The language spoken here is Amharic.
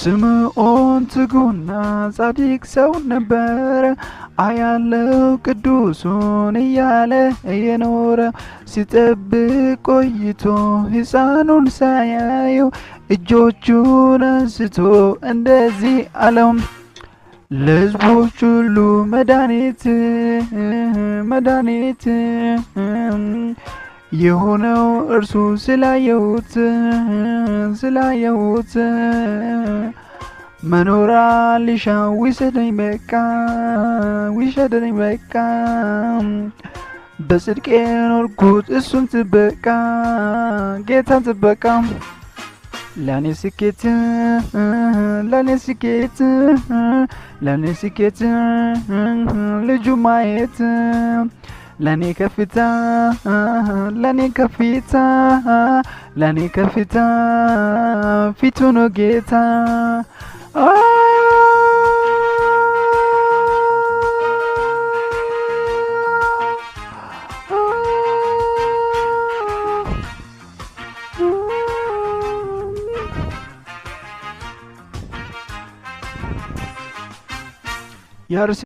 ስምዖን ትጉና ጻድቅ ሰው ነበረ። አያለው ቅዱሱን እያለ እየኖረ ሲጠብቅ ቆይቶ ሕፃኑን ሳያየው እጆቹን አንስቶ እንደዚህ አለው፣ ለሕዝቦች ሁሉ መድኃኒት መድኃኒት የሆነው እርሱ ስላየሁት ስላየሁት መኖራ ሊሻ ውሰደኝ በቃ ውሰደኝ በቃ በጽድቅ የኖርኩት እሱን ጥበቃ ጌታን ጥበቃ ለኔ ስኬት ለኔ ስኬት ለኔ ስኬት ልጁ ማየት ለኔ ከፍታ ለኔ ከፊታ ለኔ ከፍታ ፊቱ ነው ጌታ።